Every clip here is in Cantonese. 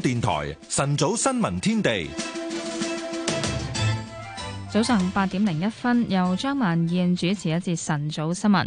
電台晨早新聞天地，早上八點零一分，由張曼燕主持一節晨早新聞。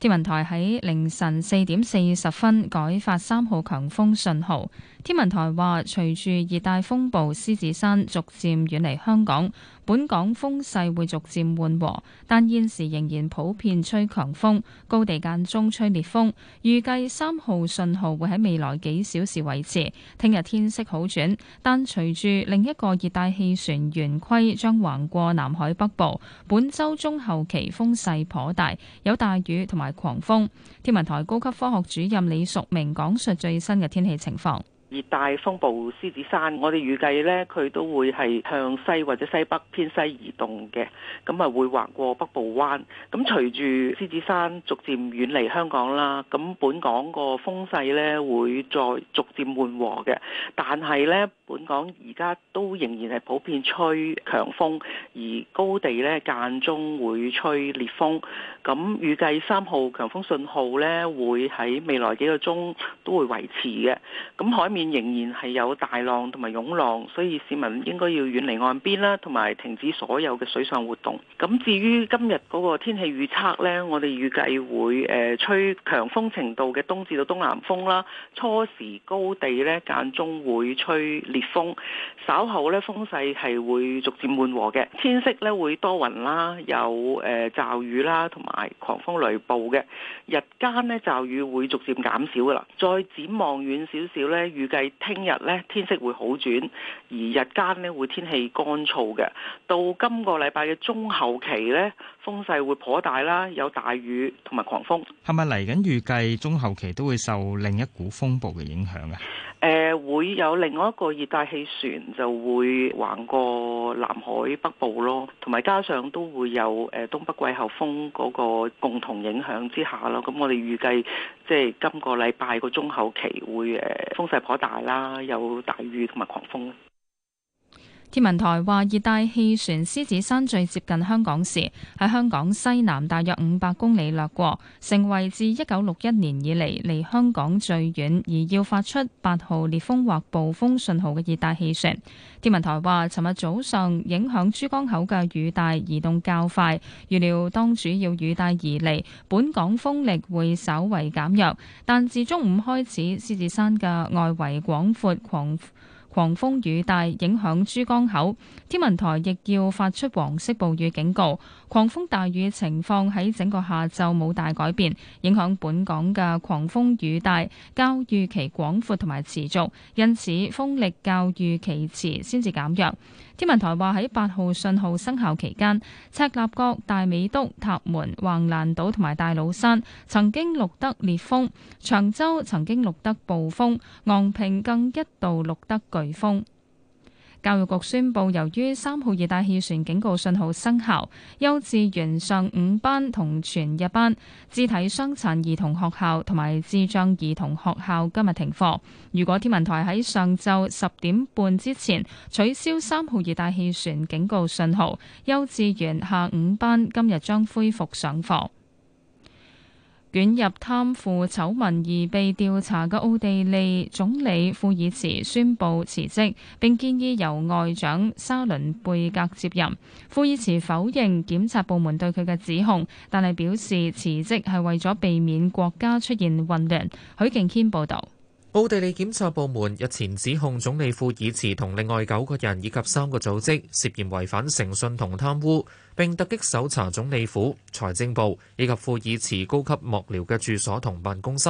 天文台喺凌晨四點四十分改發三號強風信號。天文台話，隨住熱帶風暴獅子山逐漸遠離香港，本港風勢會逐漸緩和，但現時仍然普遍吹強風，高地間中吹烈風。預計三號信號會喺未來幾小時維持。聽日天，天色好轉，但隨住另一個熱帶氣旋圓規將橫過南海北部，本週中後期風勢頗大，有大雨同埋狂風。天文台高級科學主任李淑明講述最新嘅天氣情況。熱帶風暴獅子山，我哋預計咧佢都會係向西或者西北偏西移動嘅，咁啊會橫過北部灣，咁隨住獅子山逐漸遠離香港啦，咁本港個風勢咧會再逐漸緩和嘅。但係咧，本港而家都仍然係普遍吹強風，而高地咧間中會吹烈風，咁預計三號強風信號咧會喺未來幾個鐘都會維持嘅。咁海面，仍然係有大浪同埋湧浪，所以市民應該要遠離岸邊啦，同埋停止所有嘅水上活動。咁至於今日嗰個天氣預測咧，我哋預計會誒吹強風程度嘅東至到東南風啦，初時高地咧間中會吹烈風，稍後咧風勢係會逐漸緩和嘅。天色咧會多雲啦，有誒驟雨啦，同埋狂風雷暴嘅。日間咧驟雨會逐漸減少噶啦。再展望遠少少咧預。預計聽日咧，天，天色會好轉，而日間咧會天氣乾燥嘅。到今個禮拜嘅中後期咧，風勢會頗大啦，有大雨同埋狂風。係咪嚟緊？預計中後期都會受另一股風暴嘅影響啊、呃？會有另外一個熱帶氣旋就會橫過南海北部咯，同埋加上都會有誒東北季候風嗰個共同影響之下咯。咁我哋預計即係今個禮拜個中後期會誒風勢頗大。大啦，有大雨同埋狂風。天文台話熱帶氣旋獅子山最接近香港時，喺香港西南大約五百公里掠過，成為自一九六一年以嚟離香港最遠而要發出八號烈風或暴風信號嘅熱帶氣旋。天文台話，尋日早上影響珠江口嘅雨帶移動較快，預料當主要雨帶移離，本港風力會稍為減弱，但自中午開始，獅子山嘅外圍廣闊狂。狂風雨大，影響珠江口，天文台亦要發出黃色暴雨警告。狂風大雨情況喺整個下晝冇大改變，影響本港嘅狂風雨帶較預期廣闊同埋持續，因此風力較預期遲先至減弱。天文台話喺八號信號生效期間，赤鱲角、大美督、塔門、橫瀾島同埋大老山曾經錄得烈風，長洲曾經錄得暴風，昂坪更一度錄得颶風。教育局宣布，由於三號熱帶氣旋警告信號生效，幼稚園上午班同全日班、肢體傷殘兒童學校同埋智障兒童學校今日停課。如果天文台喺上晝十點半之前取消三號熱帶氣旋警告信號，幼稚園下午班今日將恢復上課。捲入貪腐醜聞而被調查嘅奧地利總理庫爾茨宣布辭職，並建議由外長沙倫貝格接任。庫爾茨否認檢察部門對佢嘅指控，但係表示辭職係為咗避免國家出現混亂。許敬軒報導。奧地利檢察部門日前指控總理庫爾茨同另外九個人以及三個組織涉嫌違反誠信同貪污，並突擊搜查總理府、財政部以及庫爾茨高級幕僚嘅住所同辦公室。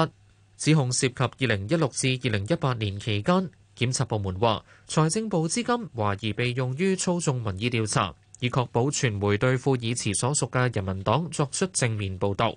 指控涉及二零一六至二零一八年期間。檢察部門話，財政部資金懷疑被用於操縱民意調查，以確保傳媒對庫爾茨所屬嘅人民黨作出正面報導。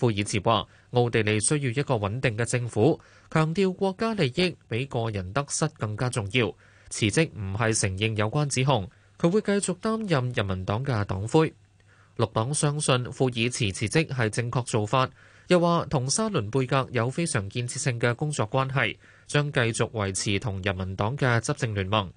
庫爾茨話：奧地利需要一個穩定嘅政府，強調國家利益比個人得失更加重要。辭職唔係承認有關指控，佢會繼續擔任人民黨嘅黨魁。綠黨相信庫爾茨辭職係正確做法，又話同沙倫貝格有非常建設性嘅工作關係，將繼續維持同人民黨嘅執政聯盟。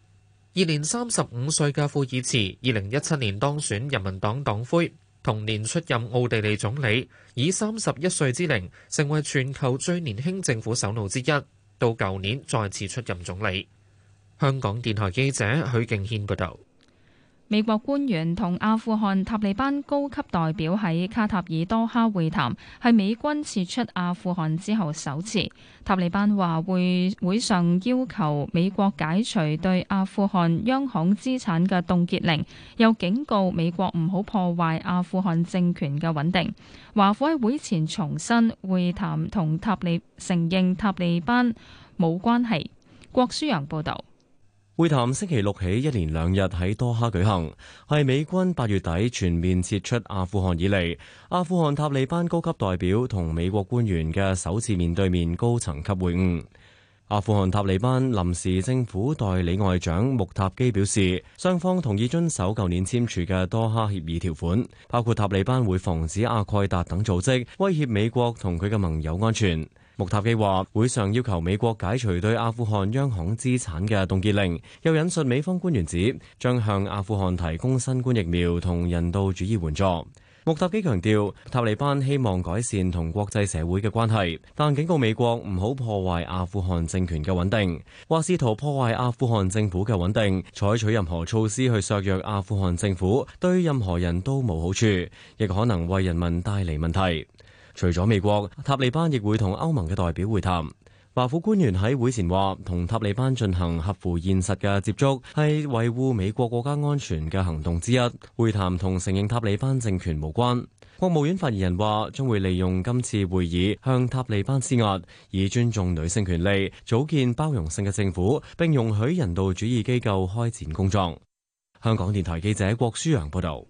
現年三十五歲嘅庫爾茨，二零一七年當選人民黨黨魁。同年出任奧地利總理，以三十一歲之齡成為全球最年輕政府首腦之一，到舊年再次出任總理。香港電台記者許敬軒報導。美國官員同阿富汗塔利班高級代表喺卡塔爾多哈會談，係美軍撤出阿富汗之後首次。塔利班話會會上要求美國解除對阿富汗央行資產嘅凍結令，又警告美國唔好破壞阿富汗政權嘅穩定。華府喺會前重申會談同塔利，承認塔利班冇關係。郭舒陽報導。會談星期六起一連兩日喺多哈舉行，係美軍八月底全面撤出阿富汗以嚟，阿富汗塔利班高級代表同美國官員嘅首次面對面高層級會晤。阿富汗塔利班臨時政府代理外長穆塔基表示，雙方同意遵守舊年簽署嘅多哈協議條款，包括塔利班會防止阿蓋達等組織威脅美國同佢嘅盟友安全。穆塔基話：會上要求美國解除對阿富汗央行資產嘅凍結令，又引述美方官員指，將向阿富汗提供新冠疫苗同人道主義援助。穆塔基強調，塔利班希望改善同國際社會嘅關係，但警告美國唔好破壞阿富汗政權嘅穩定，或試圖破壞阿富汗政府嘅穩定，採取任何措施去削弱阿富汗政府，對任何人都冇好處，亦可能為人民帶嚟問題。除咗美國，塔利班亦會同歐盟嘅代表會談。華府官員喺會前話，同塔利班進行合乎現實嘅接觸係維護美國國家安全嘅行動之一。會談同承認塔利班政權無關。國務院發言人話，將會利用今次會議向塔利班施壓，以尊重女性權利、組建包容性嘅政府，並容許人道主義機構開展工作。香港電台記者郭舒揚報導。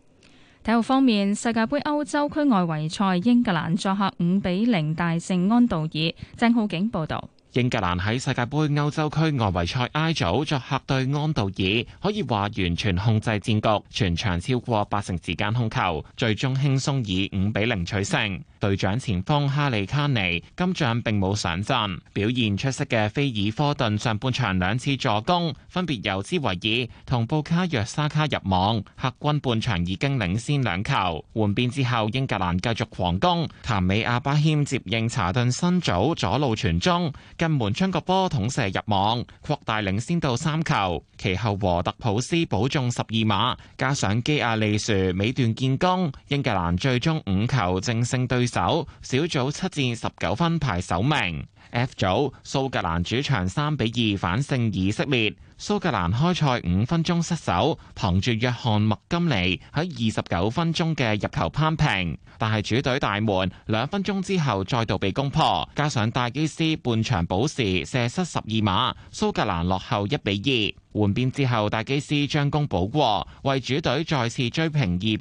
體育方面，世界盃歐洲區外圍賽，英格蘭作客五比零大勝安道爾。鄭浩景報道。英格蘭喺世界杯歐洲區外圍賽 I 組作客對安道爾，可以話完全控制戰局，全場超過八成時間控球，最終輕鬆以五比零取勝。隊長前鋒哈利卡尼今仗並冇上陣，表現出色嘅菲爾科頓上半場兩次助攻，分別由茲維爾同布卡約沙卡入網，客軍半場已經領先兩球。換邊之後，英格蘭繼續狂攻，譚美阿巴謙接應查頓新組左路傳中，進門將個波捅射入網，擴大領先到三球。其後和特普斯保中十二碼，加上基亞利殊尾段建功，英格蘭最終五球正勝對手，小組七戰十九分排首名。F 組蘇格蘭主場三比二反勝以色列。蘇格蘭開賽五分鐘失守，憑住約翰麥金尼喺二十九分鐘嘅入球扳平，但係主隊大門兩分鐘之後再度被攻破，加上戴基斯半場補時射失十二碼，蘇格蘭落後一比二。換邊之後，大基斯將功補過，為主隊再次追平二比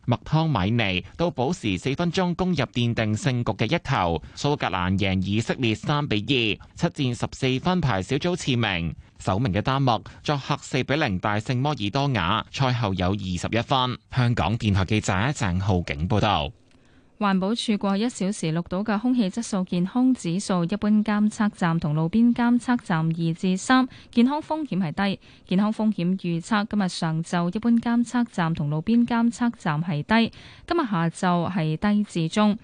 二。麥湯米尼都保持四分鐘攻入奠定勝局嘅一球。蘇格蘭贏以色列三比二，七戰十四分排小組次名。首名嘅丹麥作客四比零大勝摩爾多瓦，賽後有二十一分。香港電台記者鄭浩景報道。環保署過去一小時錄到嘅空氣質素健康指數，一般監測站同路邊監測站二至三，健康風險係低。健康風險預測今日上晝一般監測站同路邊監測站係低，今日下晝係低至中。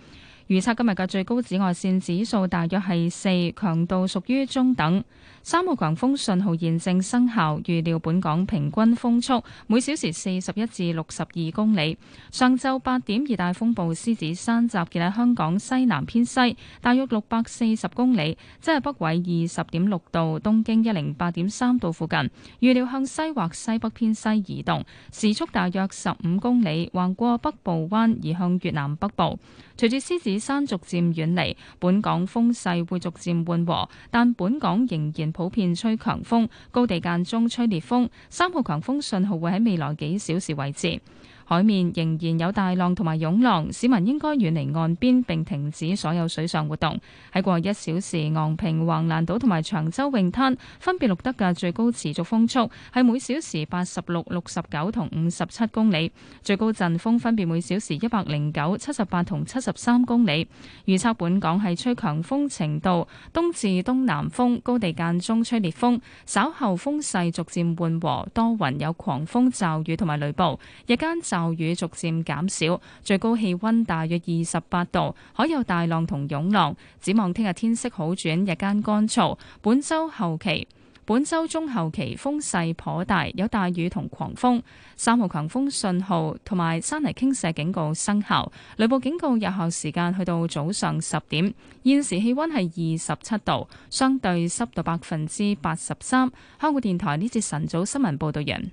預測今日嘅最高紫外線指數大約係四，強度屬於中等。三號強風信號現正生效，預料本港平均風速每小時四十一至六十二公里。上晝八點，熱帶風暴獅子山集結喺香港西南偏西，大約六百四十公里，即係北緯二十點六度、東經一零八點三度附近。預料向西或西北偏西移動，時速大約十五公里，橫過北部灣移向越南北部。隨住獅子山逐漸遠離，本港風勢會逐漸緩和，但本港仍然普遍吹強風，高地間中吹烈風，三號強風信號會喺未來幾小時維持。海面仍然有大浪同埋湧浪，市民應該遠離岸邊並停止所有水上活動。喺過去一小時，昂坪、橫瀾島同埋長洲泳灘分別錄得嘅最高持續風速係每小時八十六、六十九同五十七公里，最高陣風分別每小時一百零九、七十八同七十三公里。預測本港係吹強風程度，東至東南風，高地間中吹烈風，稍後風勢逐漸緩和，多雲有狂風驟雨同埋雷暴，日間暫驟雨逐漸減少，最高氣溫大約二十八度，海有大浪同湧浪。展望聽日天，天色好轉，日間乾燥。本周後期，本周中後期風勢頗大，有大雨同狂風，三號強風信號同埋山泥傾瀉警告生效，雷暴警告有效時間去到早上十點。現時氣溫係二十七度，相對濕度百分之八十三。香港電台呢節晨早新聞報道人。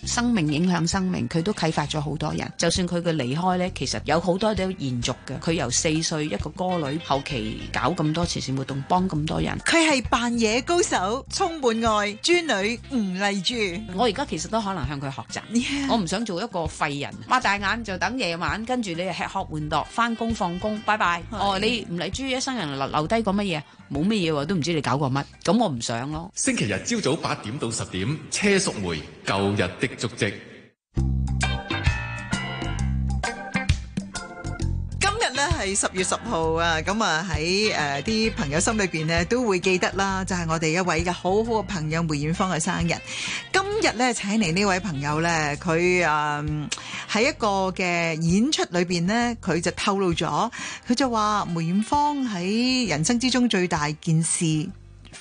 生命影響生命，佢都啟發咗好多人。就算佢嘅離開呢，其實有好多都延續嘅。佢由四歲一個歌女，後期搞咁多慈善活動，幫咁多人。佢係扮野高手，充滿愛，尊女吳麗珠。我而家其實都可能向佢學習。Yeah. 我唔想做一個廢人，擘大眼就等夜晚，跟住你又吃喝玩樂，翻工放工，拜拜。的哦，你吳麗珠一生人留留低個乜嘢？冇乜嘢喎，都唔知你搞過乜，咁我唔想咯。星期日朝早八點到十點，車淑梅舊日的足跡。今日咧，係十月十號啊，咁啊喺誒啲朋友心裏邊咧，都會記得啦，就係我哋一位嘅好好嘅朋友梅艷芳嘅生日。今日咧，請嚟呢位朋友咧，佢啊喺一個嘅演出裏邊咧，佢就透露咗，佢就話梅艷芳喺人生之中最大件事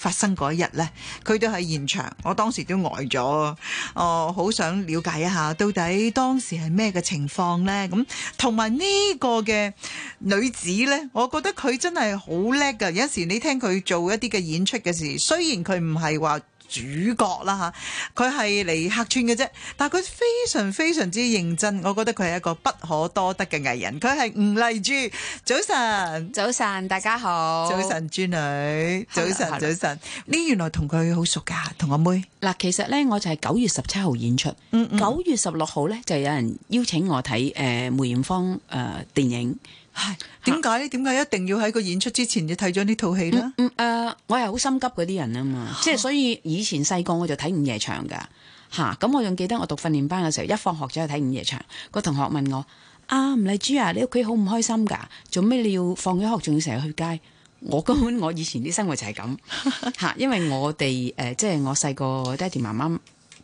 發生嗰一日咧，佢都喺現場，我當時都呆咗，哦，好想了解一下到底當時係咩嘅情況咧？咁同埋呢個嘅女子咧，我覺得佢真係好叻㗎，有時你聽佢做一啲嘅演出嘅時，雖然佢唔係話主角啦嚇，佢係嚟客串嘅啫，但係佢非常非常之認真，我覺得佢係一個不可多得嘅藝人。佢係吳麗珠，早晨，早晨，大家好，早晨，珠女，早晨，hello, hello. 早晨，你原來同佢好熟噶，同阿妹，妹。嗱，其實呢，我就係九月十七號演出，九、嗯嗯、月十六號呢，就有人邀請我睇誒梅艷芳誒電影。點解咧？點解一定要喺個演出之前就睇咗呢套戲咧？嗯誒、呃，我係好心急嗰啲人啊嘛，即係 所以以前細個我就睇午夜場噶吓。咁、啊、我仲記得我讀訓練班嘅時候，一放學就去睇午夜場。個同學問我啊，吳麗珠啊，你屋企好唔開心噶？做咩你要放咗學，仲要成日去街？我根本我以前啲生活就係咁吓， 因為我哋誒、即、呃、係、就是、我細個爹哋媽媽。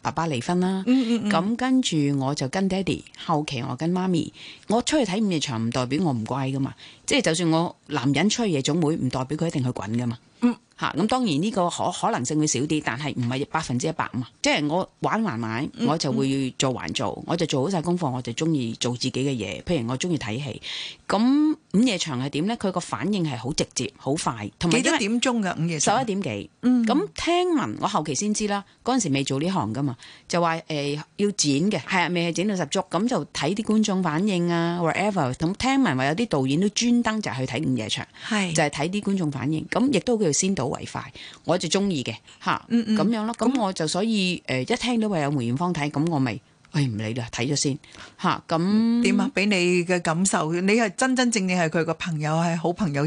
爸爸離婚啦，咁、嗯嗯嗯、跟住，我就跟爹哋，後期我跟媽咪。我出去睇午夜場唔代表我唔乖㗎嘛，即係就算我男人出去夜總會唔代表佢一定去滾㗎嘛。嗯嚇，咁、啊、當然呢個可可能性會少啲，但係唔係百分之一百嘛。即係我玩還玩，嗯、我就會做還做，嗯、我就做好晒功課，我就中意做自己嘅嘢。譬如我中意睇戲，咁午夜場係點咧？佢個反應係好直接、好快，同埋幾多點鐘嘅午夜場？十一點幾。咁聽聞我後期先知啦，嗰陣時未做呢行噶嘛，就話誒、欸、要剪嘅，係啊，未係剪到十足，咁就睇啲觀眾反應啊，wherever。咁聽聞話有啲導演都專登就去睇午夜場，係、就係睇啲觀眾反應，咁亦都叫做先導。好為快，我就中意嘅吓，嗯嗯，咁樣咯。咁我就所以誒，嗯、呃、一聽到話有梅艷芳睇，咁我咪誒唔理啦，睇咗先吓。咁點啊？俾、嗯、你嘅感受，你係真真正正係佢個朋友，係好朋友。